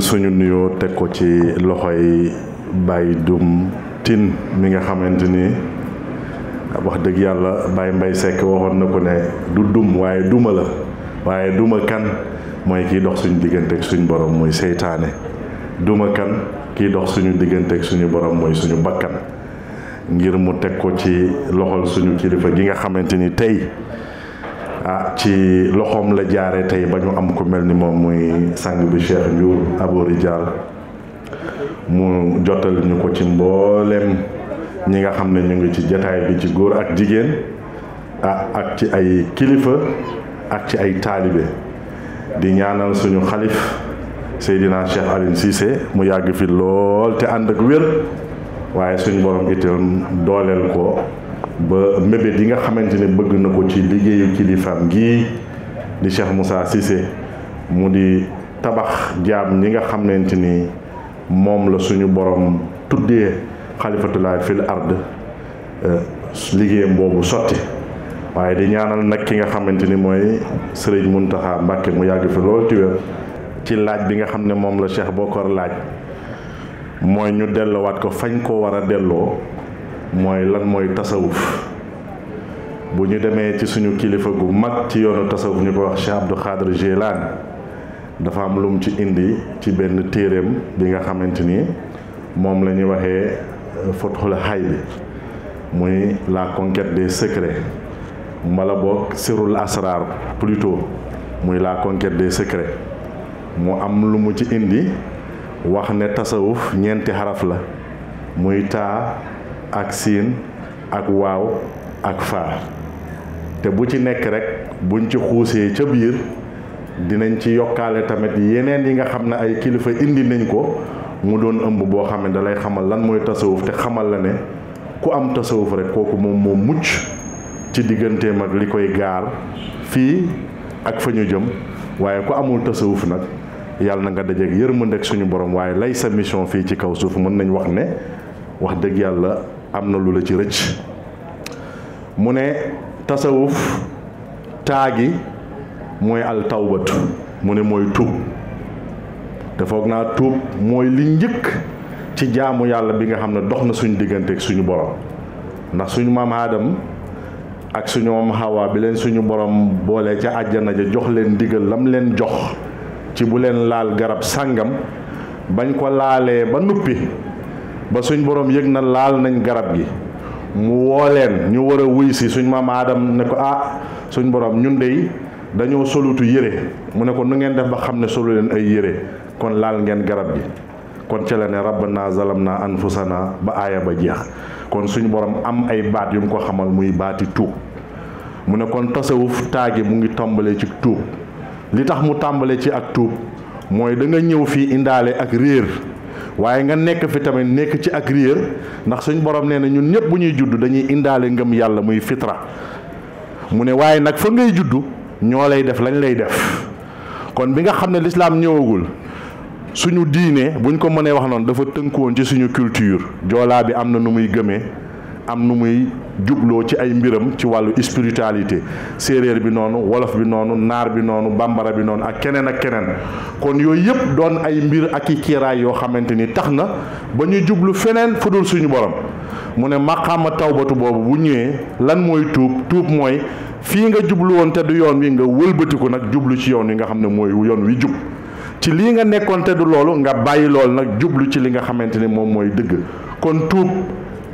suñu nuyoo teg ko ci loxoy bàyyi Dum Tine mi nga xamante ni wax dëgg yàlla bàyyi mbay Seck waxoon na ko ne du dum waaye duma la waaye duma kan mooy kiy dox suñu diggante ak suñu borom mooy seytaane duma kan kiy dox suñu diggante suñu borom mooy suñu bakkan ngir mu teg ko ci loxol suñu kilifa gi nga xamante ni tey ah ci loxom la jaare tey ba ñu am ko mel ni moom muy sàng bi cheikh njour aboori dial mu jotal ñu ko ci mboolem ñi nga xam ne ñu ngi ci jataay bi ci góor ak jigéen ah ak ci ay kilifa ak ci ay taalibe di ñaanal suñu xalif seydina cheikh aline sise mu yàgg fi lool te ànd ak wér waaye suñ borom itam dooleel ko ba mébét yi nga xamante ne bëgg na ko ci liggéeyu kilifaam gii di Cheikh Moussa Cissé mu di tabax jaam ñi nga xamante ni moom la suñu borom tuddee xalifatulaay fil ard euh, liggéeyam boobu sotti waaye di ñaanal nag ki nga xamante ni mooy sëriñ Muntaxa Mbàkke mu yàgg fi loolu tiwér ci laaj bi nga xam ne moom la Cheikh Bokor laaj mooy ñu dellowaat ko fañ ko war a delloo mooy lan mooy tasawuf bu ñu demee ci suñu kilifa gu mag ci yoonu tasawuf ñu ko wax Cheikh Abdou Khadre Jilani dafa am lum ci indi ci benn téereem bi nga xamante ni moom la ñuy waxee euh, Fathul bi muy la conquête des secrets mbala boog sirul asrar plutôt muy la conquête des secrets mu am lu mu ci indi wax ne tasawuf ñeenti xaraf la muy taa ak siin ak waaw ak faa te bu ci nekk rek buñ ci xuusee ca biir dinañ ci yokkaale tamit yeneen yi nga xam ne ay kilifa indi nañ ko mu doon ëmb boo xam ne dalay xamal lan mooy tasawuf te xamal la ne ku am tasawuf rek kooku moom moo mucc ci digganteem ak li koy gaar fii ak fa ñu jëm waaye ku amul tasawuf nag yàlla na nga dajeeg yërmande ak suñu borom waaye lay sa mission fii ci kaw suuf mën nañ wax ne wax dëgg yàlla am na lu la ci rëcc mu ne tasawuf taagi mooy al tawbatu mu ne mooy tuub te foog naa tuub mooy li njëkk ci jaamu yàlla bi nga xam ne dox na suñu diggante ak suñu borom ndax suñu maam aadam ak suñu maam xawaa bi leen suñu borom boole ca àjjana ja jox leen diggal lam leen jox ci bu leen laal garab sàngam bañ ko laalee ba nuppi ba suñ borom yëg na laal nañ garab gi mu woo leen ñu war a wuy si suñ maam aadam ne ko ah suñ borom ñun dey dañoo solutu yére mu ne ko nu ngeen def ba xam ne solu leen ay yére kon laal ngeen garab gi kon ca la ne rabbana zalamna anfusana ba aaya ba jeex kon suñ borom am ay baat yu mu ko xamal muy baati tuub mu ne kon tasawuf taagi mu ngi tàmbalee ci tuub li tax mu tàmbale ci ak tuub mooy da nga ñëw fii indaale ak réer waaye nga nekk fi tamit nekk ci ak réer ndax suñ borom nee na ñun ñëpp bu ñuy judd dañuy indaale ngëm yàlla muy fitra mu ne waaye nag fa ngay juddu ñoo lay def lañ lay def kon bi nga xam ne lislaam ñëwagul suñu diine buñ ko mënee wax noonu dafa woon ci suñu culture joolaa bi am na nu muy gëmee am nu muy jubloo ci ay mbiram ci wàllu spiritualité séeréer bi noonu wolof bi noonu naar bi noonu bàmbara bi noonu ak keneen ak keneen kon yooyu yëpp doon ay mbir ak yi kiiraay yoo xamante ni tax na ba ñu jublu feneen fu dul suñu borom mu ne maqaama tawbatu boobu bu ñëwee lan mooy tuub tuub mooy fii nga jublu woon te du yoon wi nga wëlbatiku nag jublu ci yoon wi nga xam ne mooy yoon wi jub ci lii nga nekkoon te du loolu nga bàyyi loolu nag jublu ci li nga xamante ni moom mooy dëgg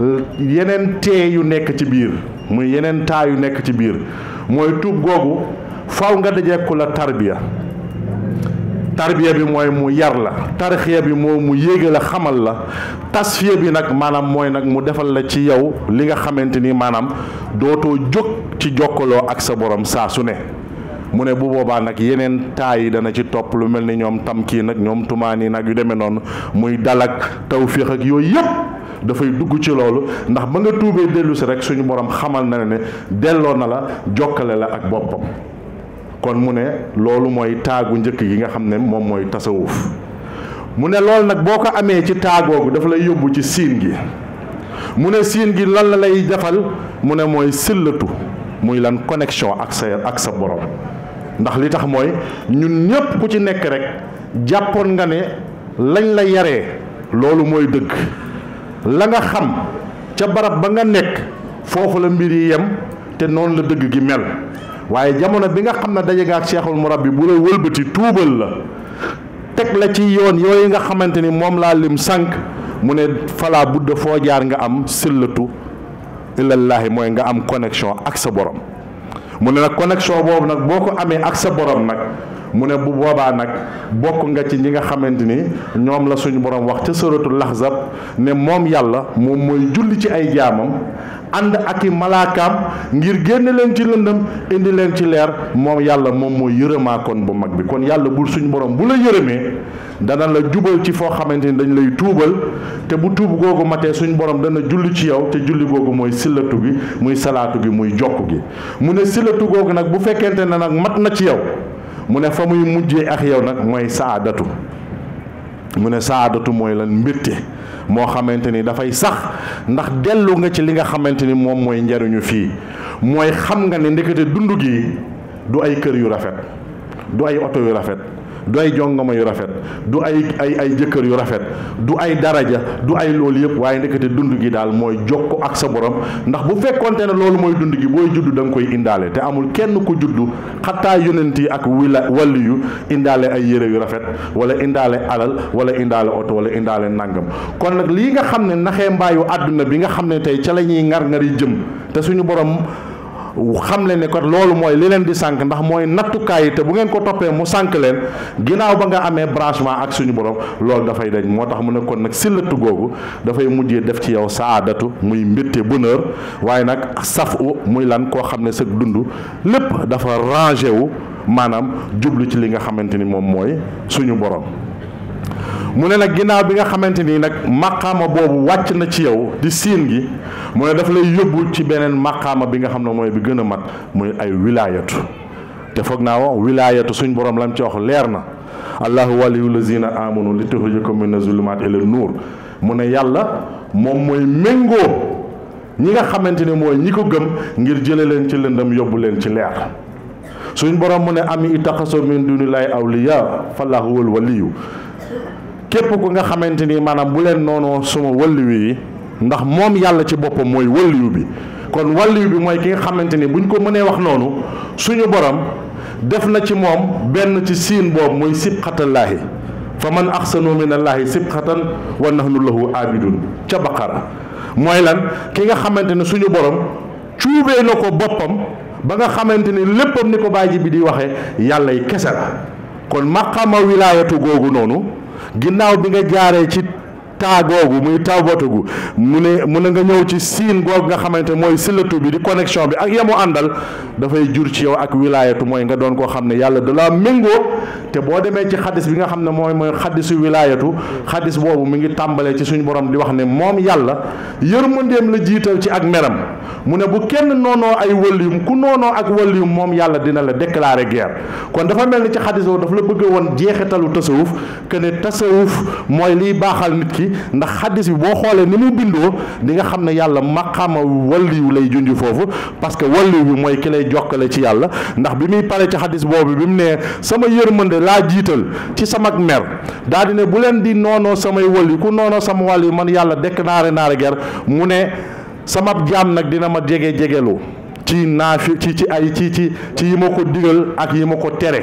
Euh, yeneen tee yu nekk ci biir muy yeneen taa yu nekk ci biir mooy tuub googu faw nga dajeeku la tarbiya tarbiya bi mooy mu yar la tarxiya bi moo mu yéege la xamal la tasfiya bi nag maanaam mooy nag mu defal la ci yow li nga xamante ni maanaam dootoo jóg ci jokkaloo ak sa borom saa su ne mu ne bu boobaa nag yeneen taa yi dana ci topp lu mel ni ñoom tam kii nag ñoom tumaani nag yu demee noonu muy dal ak tawfiix ak yooyu yëpp dafay dugg ci loolu ndax ba nga tuubee dellu si rek suñu borom xamal na ne delloo na la jokkale la ak boppam kon mu ne loolu mooy taagu njëkk gi nga xam ne moom mooy tasawuf mu ne loolu nag boo ko amee ci taagoo bi dafa lay yóbbu ci siin gi mu ne siin gi lan la lay jafal mu ne mooy sillatu muy lan connexion ak sa ak sa borom ndax li tax mooy ñun ñépp ku ci nekk rek jàppoon nga ne lañ la yaree loolu mooy dëgg la nga xam ca barab ba nga nekk foofu la mbir yi yem te noonu la dëgg gi mel waaye jamono bi nga xam ne daje nga ak seexul murabbi bu la wëlbati tuubal la teg la ci yoon yooyu nga xamante ni moom laa lim sànq mu ne falaa budda foo jaar nga am sëllatu ilallaahi mooy nga am connexion ak sa borom mu ne na connexion boobu nag boo ko amee ak sa borom nag mu ne bu boobaa nag bokk nga ci ñi nga xamante ni ñoom la suñu borom wax ca suratul laxzab ne moom yàlla moom mooy julli ci ay jaamam ànd ak i malaakaam ngir génn leen ci lëndëm indi leen ci leer moom yàlla moom mooy yërëmaakoon bu mag bi kon yàlla bul suñu borom bu la yërëmee dana la jubal ci foo xamante ni dañ lay tuubal te bu tuub googu matee suñu borom dana julli ci yow te julli googu mooy sillatu gi muy salaatu gi muy jokk gi mu ne sillatu googu nag bu fekkente ne nag ci yow mu ne fa muy mujjee ak yow nag mooy saadatu mu ne saadatu mooy lan mbirte moo xamante ni dafay sax ndax dellu nga ci li nga xamante ni moom mooy njariñu fii mooy xam nga ne ndekete dund gi du ay kër yu rafet du ay oto yu rafet du ay jongama yu rafet du ay ay ay jëkkër yu rafet du ay daraja du ay loolu yëpp waaye ndekete dund gi daal mooy jokk ak sa borom ndax bu fekkonte ne loolu mooy dund gi booy judd da koy indaale te amul kenn ku juddu xataa yonent yi ak wila wàllu yu indaale ay yére yu rafet wala indaale alal wala indaale oto wala indaale nangam kon nag lii nga xam ne naxee mbaayu àdduna bi nga xam ne tey ca la ñuy ngar ngari jëm te suñu borom xam leen ne kat loolu mooy li leen di sànq ndax mooy nattukaay yi te bu ngeen ko toppee mu sànq leen ginnaaw ba nga amee branchement ak suñu borom loolu dafay dañ moo tax mu ne kon nag sillatu googu dafay mujjee def ci yow saadatu muy mbirte bonheur waaye nag saf u muy lan koo xam ne sa dund lépp dafa rangé wu maanaam jublu ci li nga xamante ni moom mooy suñu borom. mu ne nag ginnaaw bi nga xamante ni nag maqaama boobu wàcc na ci yow di siin gi mu ne daf lay yóbbu ci beneen maqaama bi nga xam ne mooy bi gën a mat muy ay wilaayatu te foog naa wax wilaayatu suñ borom lañ ci wax leer na allahu waliyu lazina amanu li tuxrijakum mina zulumaat ila nuur mu ne yàlla moom mooy méngoo ñi nga xamante ne mooy ñi ko gëm ngir jële leen ci lëndam yóbbu leen ci leer suñ borom mu ne am ittaxaso min dunillahi awliya fallahu képp ko nga xamante ni maanaam bu leen noonoo suma wàlliwu yi ndax moom yàlla ci boppam mooy wàlliwu bi kon wàlliwu bi mooy ki nga xamante ni buñ ko mënee wax noonu suñu borom def na ci moom benn ci siin boobu mooy sibxatallaahi fa man axsanu min allaahi sibxatan wa nahnu lahu abidun ca baqara mooy lan ki nga xamante ne suñu borom cuubee na ko boppam ba nga xamante ni léppam ni ko bàyyi bi di waxee yàlla yi kese la kon maqama wilaayatu googu noonu ginnaaw bi nga jaaree ci taa muy taw mu ne mu ne nga ñëw ci siin googu nga xamante mooy silatu bi di connexion bi ak yamu àndal dafay jur ci yow ak wilaayatu mooy nga doon koo xam ne yàlla da laa méngoo te boo demee ci xadis bi nga xam ne mooy mooy xadisu wilaayatu xadis boobu mu ngi tàmbalee ci suñu borom di wax ne moom yàlla yërmandeem la jiital ci ak meram mu ne bu kenn noonoo ay wëlliyum ku noonoo ak wëlliyum moom yàlla dina la déclarer guerre kon dafa mel ni ci xadis wo dafa la bëgg woon jeexitalu tasawuf que ne tasawuf mooy liy baaxal nit ki ndax xadis bi boo xoolee ni mu bindoo di nga xam ne yàlla maqaama wëlliyu lay junj foofu parce que wëlliyu bi mooy ki lay jokkale ci yàlla ndax bi muy pare ci xadis boobu bi mu ne sama yërmande laa jiital ci sama mer daal di ne bu leen di noonoo samay wëlliyu ku noonoo sama wàll man yàlla déclarer la guerre mu ne sama jaam nag dina ma jege jegelu ci naafi ci ci ay ci ci ci yi ma ko digal ak yi ma ko tere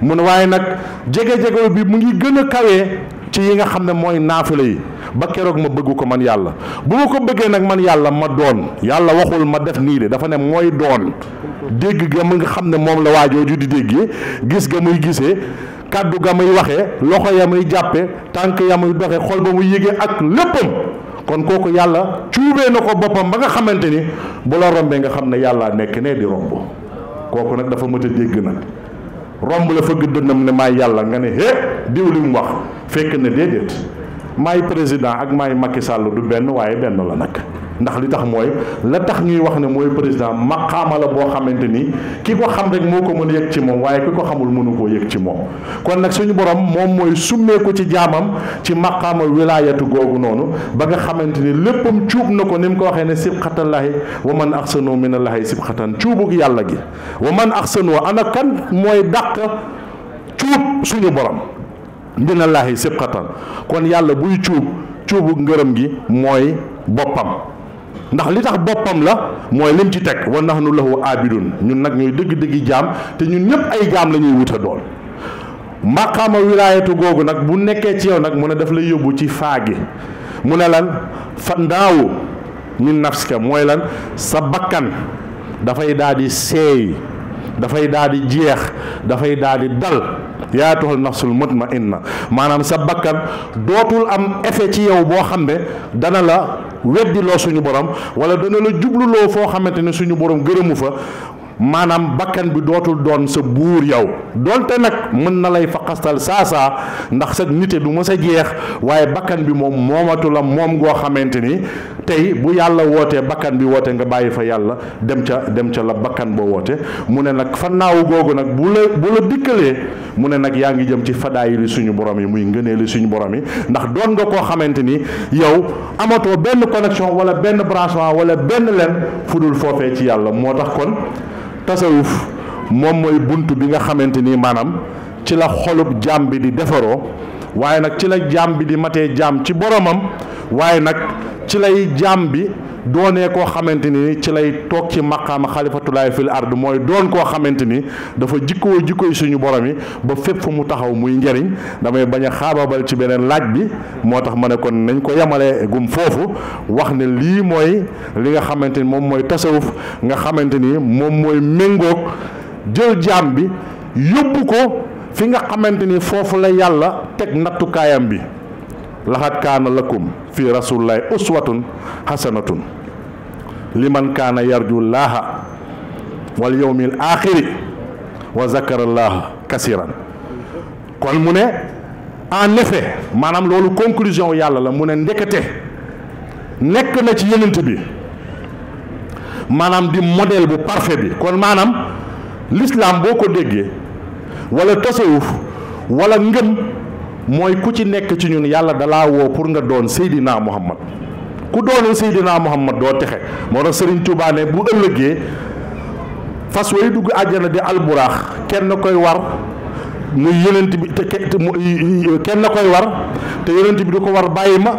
mu ne waaye nag jege jegelu bi mu ngi gën a kawee ci yi nga xam ne mooy naafila yi ba keroog ma bëgg ko man yàlla bu ma ko bëggee nag man yàlla ma doon yàlla waxul ma def nii de dafa ne mooy doon dégg ga mu nga xam ne moom la waajooju di déggee gis ga muy gisee kàddu ga muy waxee loxo ya muy jàppe tànk ya muy doxe xol ba mu yëgee ak léppam kon kooku yàlla cuubee na ko boppam ba nga xamante ni bu la rombee nga xam ne yàlla nekk nee di romb kooku nag dafa mët a dégg nag romb la fëgg dënnam ne maay yàlla nga ne hé diw wax fekk na déedéet maay président ak maay Macky Sall du benn waaye benn la nag ndax li tax mooy la tax ñuy wax ne mooy président maqaama la boo xamante ni ki ko xam rek moo ko mën a yëg ci moom waaye ki ko xamul mënu koo yëg ci moom kon nag suñu borom moom mooy summeeku ci jaamam ci maqaama wilaayatu googu noonu ba nga xamante ni léppam cuub na ko ni ko waxee ne sibxatallahi wa man axsanu minallahi sibxatan cuubug yàlla gi wa man axsanu ana kan mooy dàq cuub suñu borom minallahi sibxatan kon yàlla buy cuub cuubug ngërëm gi mooy boppam ndax li tax boppam la mooy lim ci teg wa nax nu lahu abidun ñun nag ñooy dëgg-dëggi jaam te ñun ñëpp ay gaam lañuy ñuy wuta doon mbaqama wilaayatu googu nag bu nekkee ci yow nag mu ne daf lay yóbbu ci faa gi mu ne lan fa ndaawu min nafsika mooy lan sa bakkan dafay daal di seey dafay daal di jeex dafay daal di dal yaa tuhal nafsul mutma inna maanaam sa bakkan dootul am effet ci yow boo xam ne dana la weddi loo suñu borom wala dana la jubluloo foo xamante ne suñu borom gërëmu fa maanaam bakkan bi dootul doon sa buur yow doonte nag mën na lay faqastal saasaa ndax sa nite du mës a jeex waaye bakkan bi moom moomatu la moom goo xamante ni tey bu yàlla wootee bakkan bi wootee nga bàyyi fa yàlla dem ca dem ca la bakkan boo woote mu ne nag fan naaw googu nag bu la bu la dikkalee mu ne nag yaa ngi jëm ci fadaay li suñu borom yi muy ngëneeli suñu borom yi ndax doon nga koo xamante ni yow amatoo benn connexion wala benn branchement wala benn len fu dul ci yàlla moo tax kon tasawuf moom mooy bunt bi nga xamante ni maanaam ci la xolub jaam bi di defaroo waaye nag ci la jaam bi di matee jaam ci boromam waaye nag ci lay jaam bi doonee koo xamante ni ci lay toog ci maqaama xalifatulaay fil ard mooy doon koo xamante ni dafa jikkoo jikkoy suñu borom yi ba fépp fu mu taxaw muy njëriñ damay bañ a xaababal ci beneen laaj bi moo tax ma ne kon nañ ko yemale gum foofu wax ne lii mooy li nga xamante ni moom mooy tasawuf nga xamante ni moom mooy méngoog jël jaam bi yóbbu ko fi nga xamanteni fofu la yàlla tek teg kayam bi laxat kana lakum fi rasulillahi uswatun hasanatun liman kana yarju laaha wal yawmil akhir wa zakara laaha kaseeran kon mune en effet manam lolu conclusion yàlla la mune ndekete nek na ci yenent bi manam di model bu parfait bi kon manam l'islam boko degge wala tasawuf wala ngëm mooy ku ci nekk ci ñun yàlla dalaa woo pour nga doon Seydina Muhammad ku doonul Seydina Muhammad doo texe moo tax Serigne Touba ne bu ëllëgee fas way dugg àjjana di alburaax kenn koy war muy yonent bi te kenn koy war te yonent bi du ko war bàyyi ma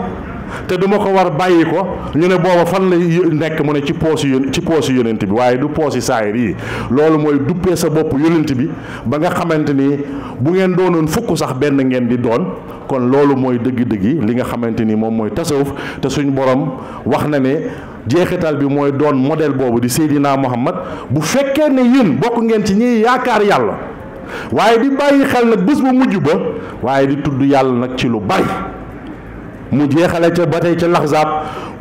te duma ko war bàyyi ko ñu ne booba fan la nekk mu ne ci poos yu ci poos yu yonent bi waaye du poos yi saayir yi loolu mooy duppee sa bopp yonent bi ba nga xamante ni bu ngeen doonoon fukk sax benn ngeen di doon kon loolu mooy dëgg-dëggi li nga xamante ni moom mooy tasawuf te suñ borom wax na ne jeexital bi mooy doon model boobu di Seydina Muhammad bu fekkee ne yéen bokk ngeen ci ñiy yaakaar yàlla waaye di bàyyi xel nag bés bu mujj ba waaye di tudd yàlla nag ci lu bari mu jeexale ca ba tey ca laxzaab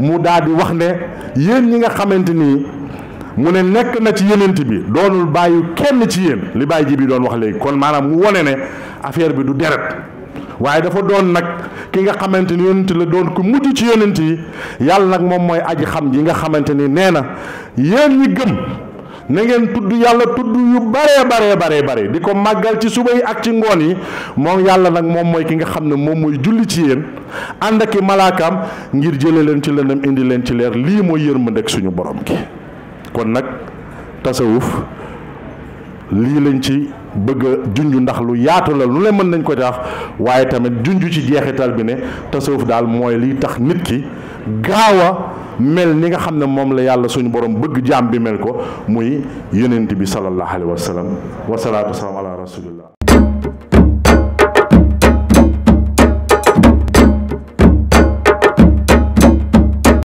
mu daal di wax ne yéen ñi nga xamante nii mu ne nekk na ci yenent bi doonul bàyyi kenn ci yéen li bàyyi ji bi doon wax léegi kon maanaam mu wone ne affaire bi du deret waaye dafa doon nag ki nga xamante ni yonent la doon ku mujj ci yonent yi yàlla nag moom mooy aji xam yi nga xamante ni nee na yéen ñi gëm na ngeen tudd yàlla tudd yu baree baree baree bare di ko màggal ci suba yi ak ci ngoon yi moom yàlla nag moom mooy ki nga xam ne moom mooy julli ci yéen ànd ak i malaakaam ngir jële leen ci lëndam indi leen ci leer lii mooy yër mën ak suñu borom gi kon nag tasawuf lii lañ ci bëgg a junj ndax lu yaatu la lu ne mën nañ ko tax waaye tamit junj ci jeexital bi ne tasawuf daal mooy liy tax nit ki gaaw a mel ni nga xam ne moom la yàlla suñu borom bëgg jaam bi mel ko muy yonent bi sallallahu alayhi wa sallam wasalaatu wasalaam ala